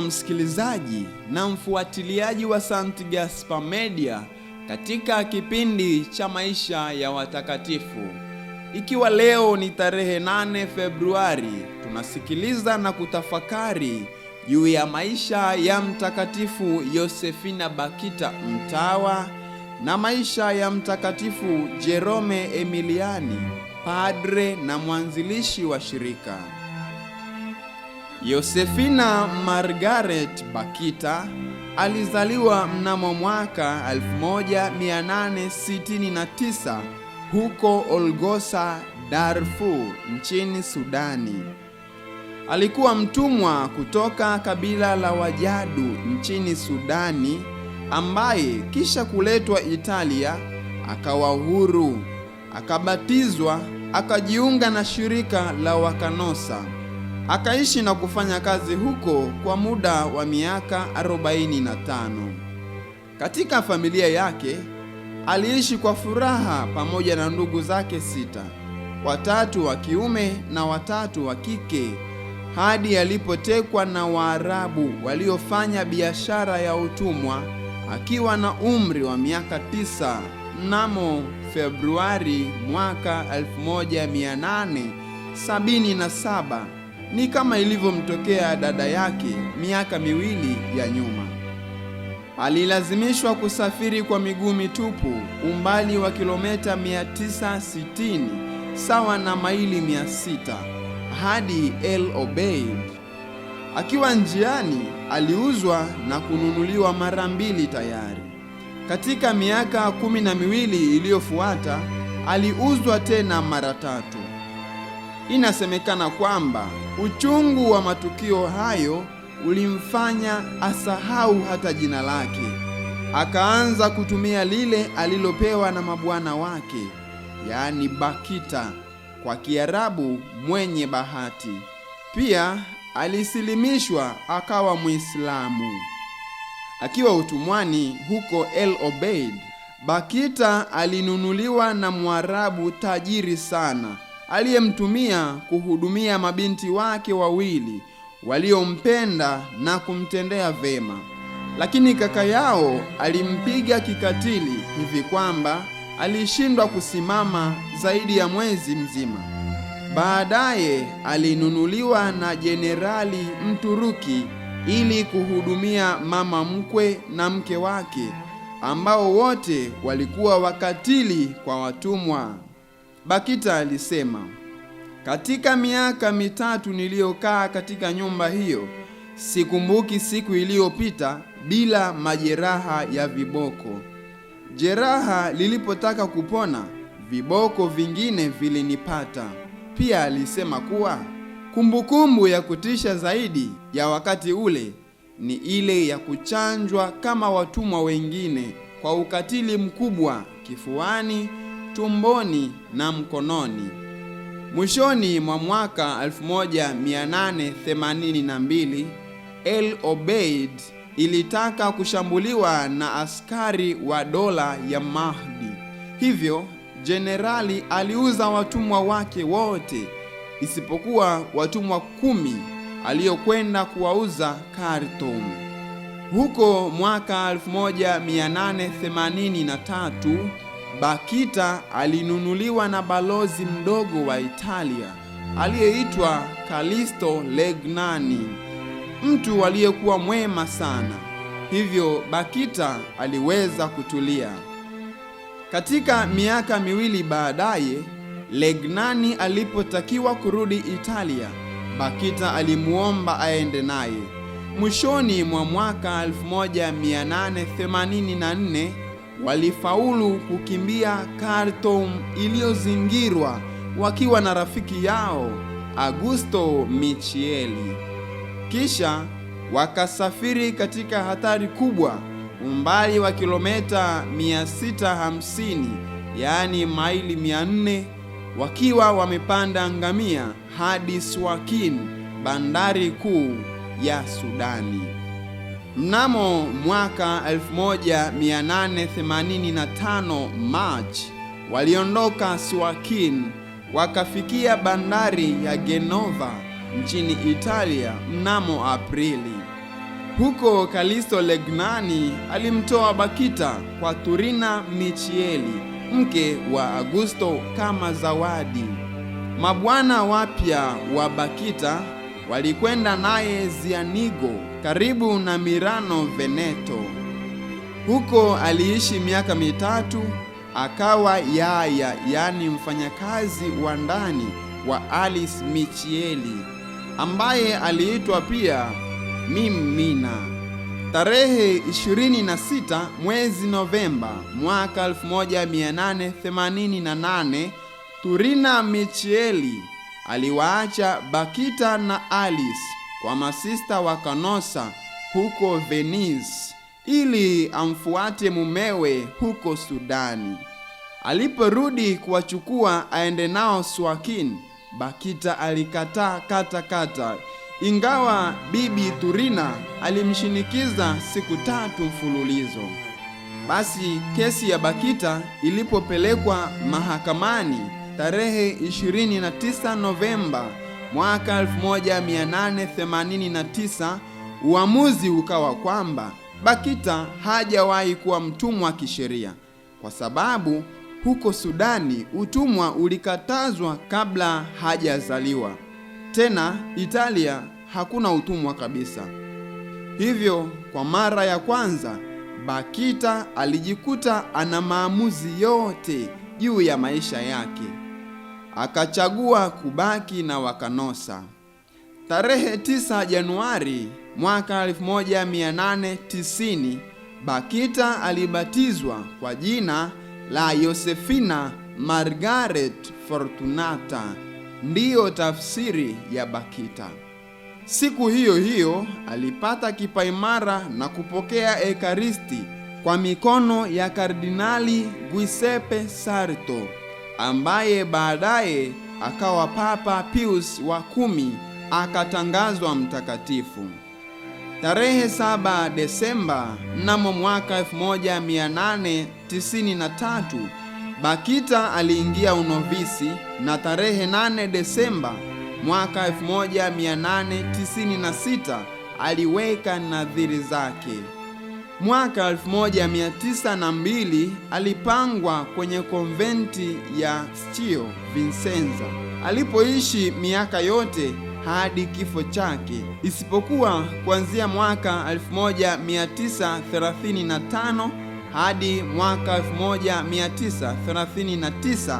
msikilizaji na mfuatiliaji wa St. Gaspar Media katika kipindi cha maisha ya watakatifu. Ikiwa leo ni tarehe 8 Februari, tunasikiliza na kutafakari juu ya maisha ya Mtakatifu Yosefina Bakita Mtawa na maisha ya Mtakatifu Jerome Emiliani, padre na mwanzilishi wa shirika. Yosefina Margaret Bakita alizaliwa mnamo mwaka 1869 huko Olgosa, Darfur nchini Sudani. Alikuwa mtumwa kutoka kabila la Wajadu nchini Sudani ambaye kisha kuletwa Italia akawa huru, akabatizwa, akajiunga na shirika la Wakanosa. Akaishi na kufanya kazi huko kwa muda wa miaka 45. Katika familia yake aliishi kwa furaha pamoja na ndugu zake sita, watatu wa kiume na watatu wa kike, hadi alipotekwa na Waarabu waliofanya biashara ya utumwa akiwa na umri wa miaka tisa mnamo Februari mwaka 1877 ni kama ilivyomtokea dada yake miaka miwili ya nyuma. Alilazimishwa kusafiri kwa miguu mitupu umbali wa kilomita 960 sawa na maili 600 hadi El Obeid. Akiwa njiani aliuzwa na kununuliwa mara mbili tayari. Katika miaka kumi na miwili iliyofuata aliuzwa tena mara tatu. Inasemekana kwamba Uchungu wa matukio hayo ulimfanya asahau hata jina lake, akaanza kutumia lile alilopewa na mabwana wake, yaani Bakita, kwa Kiarabu mwenye bahati. Pia alisilimishwa akawa Muislamu. Akiwa utumwani huko El Obeid, Bakita alinunuliwa na Mwarabu tajiri sana aliyemtumia kuhudumia mabinti wake wawili waliompenda na kumtendea vema. Lakini kaka yao alimpiga kikatili hivi kwamba alishindwa kusimama zaidi ya mwezi mzima. Baadaye alinunuliwa na jenerali Mturuki ili kuhudumia mama mkwe na mke wake ambao wote walikuwa wakatili kwa watumwa. Bakita alisema, katika miaka mitatu niliyokaa katika nyumba hiyo, sikumbuki siku iliyopita bila majeraha ya viboko. Jeraha lilipotaka kupona, viboko vingine vilinipata. Pia alisema kuwa kumbukumbu ya kutisha zaidi ya wakati ule ni ile ya kuchanjwa kama watumwa wengine kwa ukatili mkubwa kifuani tumboni na mkononi. Mwishoni mwa mwaka 1882 El Obeid ilitaka kushambuliwa na askari wa dola ya Mahdi, hivyo jenerali aliuza watumwa wake wote isipokuwa watumwa kumi aliyokwenda kuwauza Khartoum. Huko mwaka 1883 Bakita alinunuliwa na balozi mdogo wa Italia aliyeitwa Kalisto Legnani, mtu aliyekuwa mwema sana, hivyo Bakita aliweza kutulia. Katika miaka miwili baadaye, Legnani alipotakiwa kurudi Italia, Bakita alimuomba aende naye. Mwishoni mwa mwaka 1884 walifaulu kukimbia Khartoum iliyozingirwa wakiwa na rafiki yao Augusto Michieli. Kisha wakasafiri katika hatari kubwa umbali wa kilomita 650 yaani maili 400 wakiwa wamepanda ngamia hadi swakin bandari kuu ya Sudani. Mnamo mwaka 1885 March waliondoka Suakin wakafikia bandari ya Genova nchini Italia mnamo Aprili. Huko Kalisto Legnani alimtoa Bakita kwa Turina Michieli, mke wa Augusto, kama zawadi. Mabwana wapya wa Bakita walikwenda naye Zianigo karibu na Mirano Veneto. Huko aliishi miaka mitatu akawa yaya, yaani mfanyakazi wa ndani wa Alice Michieli ambaye aliitwa pia Mimina. Tarehe 26 mwezi Novemba mwaka 1888 Turina Michieli aliwaacha Bakita na Alice kwa masista wa Kanosa huko Venice ili amfuate mumewe huko Sudani. Aliporudi kuwachukua aende nao Swakini, Bakita alikataa kata kata, ingawa bibi Turina alimshinikiza siku tatu mfululizo. Basi kesi ya Bakita ilipopelekwa mahakamani tarehe 29 Novemba mwaka 1889 uamuzi ukawa kwamba Bakita hajawahi kuwa mtumwa kisheria kwa sababu huko Sudani utumwa ulikatazwa kabla hajazaliwa. Tena Italia hakuna utumwa kabisa. Hivyo kwa mara ya kwanza Bakita alijikuta ana maamuzi yote juu ya maisha yake akachagua kubaki na Wakanosa. Tarehe 9 Januari mwaka 1890 Bakita alibatizwa kwa jina la Yosefina Margaret Fortunata, ndiyo tafsiri ya Bakita. Siku hiyo hiyo alipata kipaimara na kupokea ekaristi kwa mikono ya Kardinali Giuseppe Sarto ambaye baadaye akawa Papa Pius wa kumi akatangazwa mtakatifu tarehe 7 Desemba mnamo mwaka 1893. Bakita aliingia unovisi na tarehe 8 Desemba mwaka 1896 aliweka nadhiri zake. Mwaka 1902 alipangwa kwenye konventi ya stio Vincenza alipoishi miaka yote hadi kifo chake, isipokuwa kuanzia mwaka 1935 hadi mwaka 1939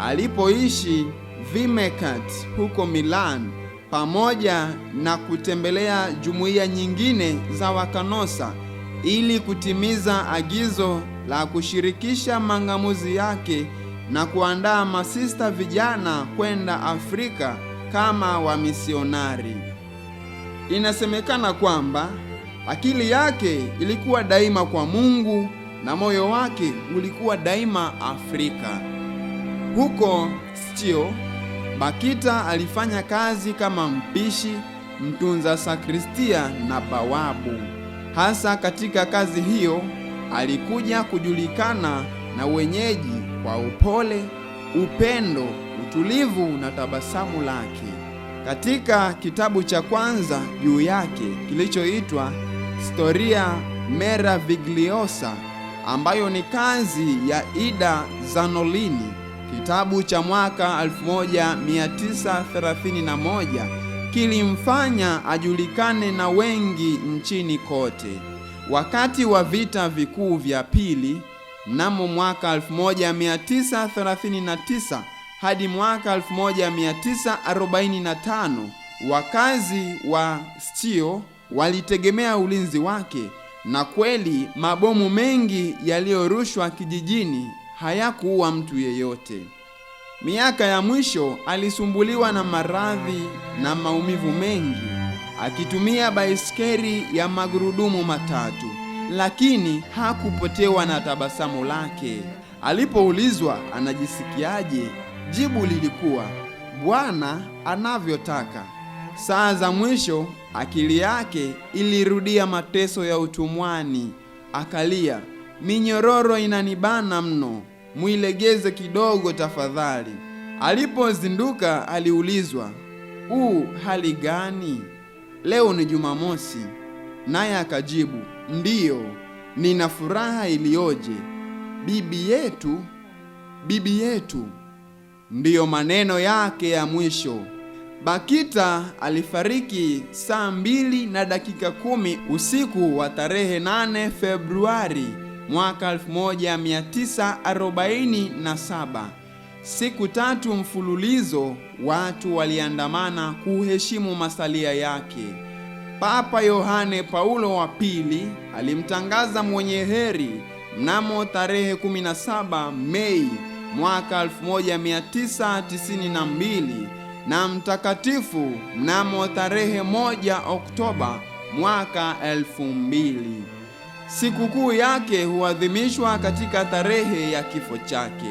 alipoishi Vimecat huko Milan, pamoja na kutembelea jumuiya nyingine za Wakanosa ili kutimiza agizo la kushirikisha mang'amuzi yake na kuandaa masista vijana kwenda Afrika kama wamisionari. Inasemekana kwamba akili yake ilikuwa daima kwa Mungu na moyo wake ulikuwa daima Afrika. Huko stio Bakita alifanya kazi kama mpishi, mtunza sakristia na bawabu. Hasa katika kazi hiyo alikuja kujulikana na wenyeji kwa upole, upendo, utulivu na tabasamu lake. Katika kitabu cha kwanza juu yake kilichoitwa Storia Meravigliosa ambayo ni kazi ya Ida Zanolini, kitabu cha mwaka 1931 kilimfanya ajulikane na wengi nchini kote. Wakati wa vita vikuu vya pili mnamo mwaka 1939 hadi mwaka 1945 wakazi wa Stio walitegemea ulinzi wake, na kweli mabomu mengi yaliyorushwa kijijini hayakuua mtu yeyote. Miaka ya mwisho alisumbuliwa na maradhi na maumivu mengi akitumia baiskeli ya magurudumu matatu, lakini hakupotewa na tabasamu lake. Alipoulizwa anajisikiaje, jibu lilikuwa Bwana anavyotaka. Saa za mwisho akili yake ilirudia mateso ya utumwani, akalia, minyororo inanibana mno mwilegeze kidogo tafadhali. Alipozinduka aliulizwa, uu hali gani? Leo ni Jumamosi. Naye akajibu, ndiyo, nina furaha iliyoje. Bibi yetu, bibi yetu, ndiyo maneno yake ya mwisho. Bakita alifariki saa mbili na dakika kumi usiku wa tarehe 8 Februari mwaka 1947. Siku tatu mfululizo watu waliandamana kuheshimu masalia yake. Papa Yohane Paulo wa pili alimtangaza mwenye heri mnamo tarehe 17 Mei mwaka 1992 na mtakatifu mnamo tarehe 1 Oktoba mwaka 2000. Sikukuu yake huadhimishwa katika tarehe ya kifo chake.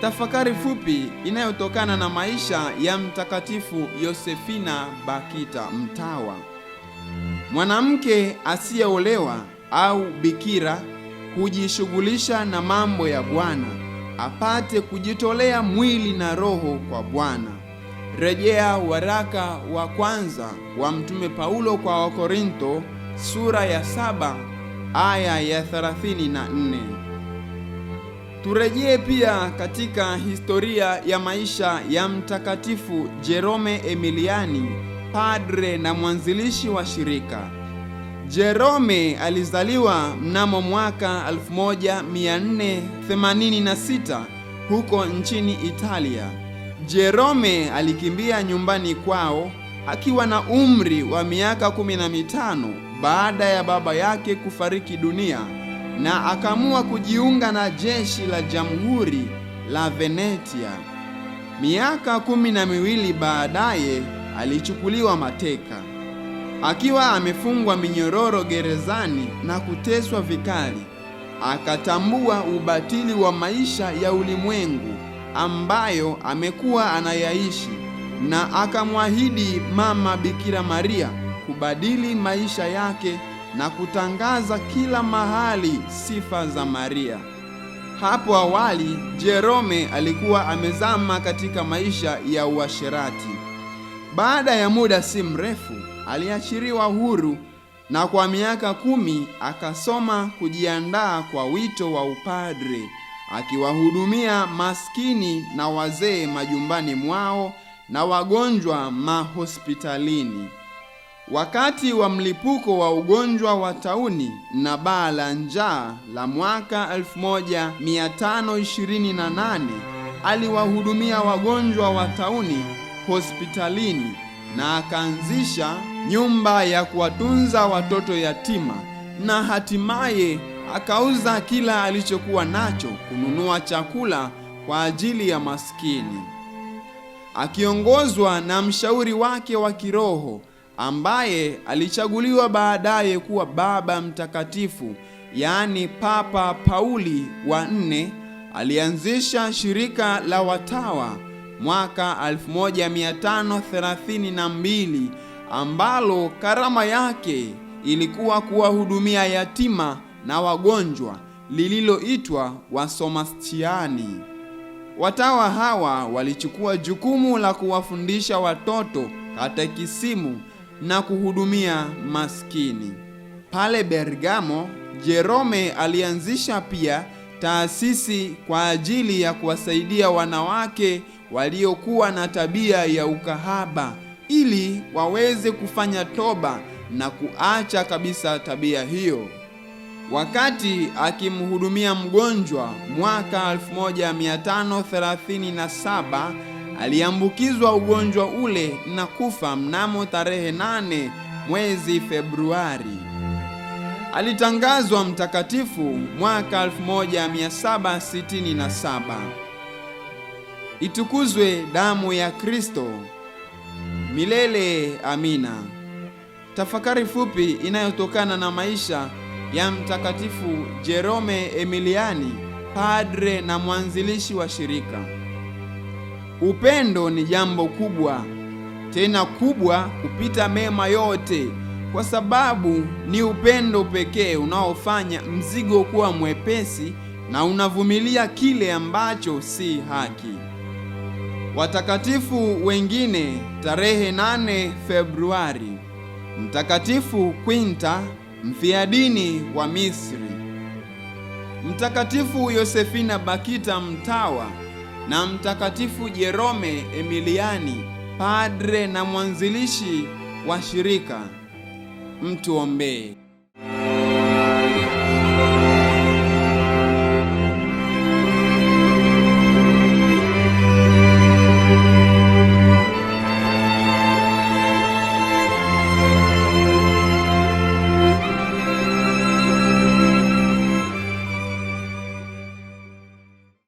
Tafakari fupi inayotokana na maisha ya Mtakatifu Yosefina Bakita Mtawa. Mwanamke asiyeolewa au bikira hujishughulisha na mambo ya Bwana apate kujitolea mwili na roho kwa Bwana. Rejea waraka wa kwanza wa Mtume Paulo kwa Wakorinto sura ya saba aya ya nne. Turejee pia katika historia ya maisha ya Mtakatifu Jerome Emiliani, padre na mwanzilishi wa shirika. Jerome alizaliwa mnamo mwaka 1486 huko nchini Italia. Jerome alikimbia nyumbani kwao akiwa na umri wa miaka kumi na mitano baada ya baba yake kufariki dunia na akaamua kujiunga na jeshi la jamhuri la Venetia. Miaka kumi na miwili baadaye alichukuliwa mateka akiwa amefungwa minyororo gerezani na kuteswa vikali. Akatambua ubatili wa maisha ya ulimwengu ambayo amekuwa anayaishi na akamwahidi mama Bikira Maria kubadili maisha yake na kutangaza kila mahali sifa za Maria. Hapo awali Jerome alikuwa amezama katika maisha ya uasherati. Baada ya muda si mrefu aliachiriwa huru na kwa miaka kumi akasoma kujiandaa kwa wito wa upadre, akiwahudumia maskini na wazee majumbani mwao na wagonjwa mahospitalini. Wakati wa mlipuko wa ugonjwa wa tauni na baa la njaa la mwaka 1528 aliwahudumia wagonjwa wa tauni hospitalini na akaanzisha nyumba ya kuwatunza watoto yatima na hatimaye akauza kila alichokuwa nacho kununua chakula kwa ajili ya maskini akiongozwa na mshauri wake wa kiroho ambaye alichaguliwa baadaye kuwa Baba Mtakatifu, yaani Papa Pauli wa nne. Alianzisha shirika la watawa mwaka 1532 ambalo karama yake ilikuwa kuwahudumia yatima na wagonjwa lililoitwa Wasomastiani. Watawa hawa walichukua jukumu la kuwafundisha watoto katekisimu na kuhudumia maskini. Pale Bergamo, Jerome alianzisha pia taasisi kwa ajili ya kuwasaidia wanawake waliokuwa na tabia ya ukahaba ili waweze kufanya toba na kuacha kabisa tabia hiyo. Wakati akimhudumia mgonjwa mwaka 1537 aliambukizwa ugonjwa ule na kufa mnamo tarehe 8 mwezi Februari. Alitangazwa mtakatifu mwaka 1767. Itukuzwe damu ya Kristo! Milele amina. Tafakari fupi inayotokana na maisha ya Mtakatifu Jerome Emiliani, padre na mwanzilishi wa shirika. Upendo ni jambo kubwa, tena kubwa kupita mema yote, kwa sababu ni upendo pekee unaofanya mzigo kuwa mwepesi na unavumilia kile ambacho si haki. Watakatifu wengine, tarehe 8 Februari, Mtakatifu Quinta mfiadini wa Misri. Mtakatifu Yosefina Bakita Mtawa na Mtakatifu Jerome Emiliani, padre na mwanzilishi wa shirika, mtuombee.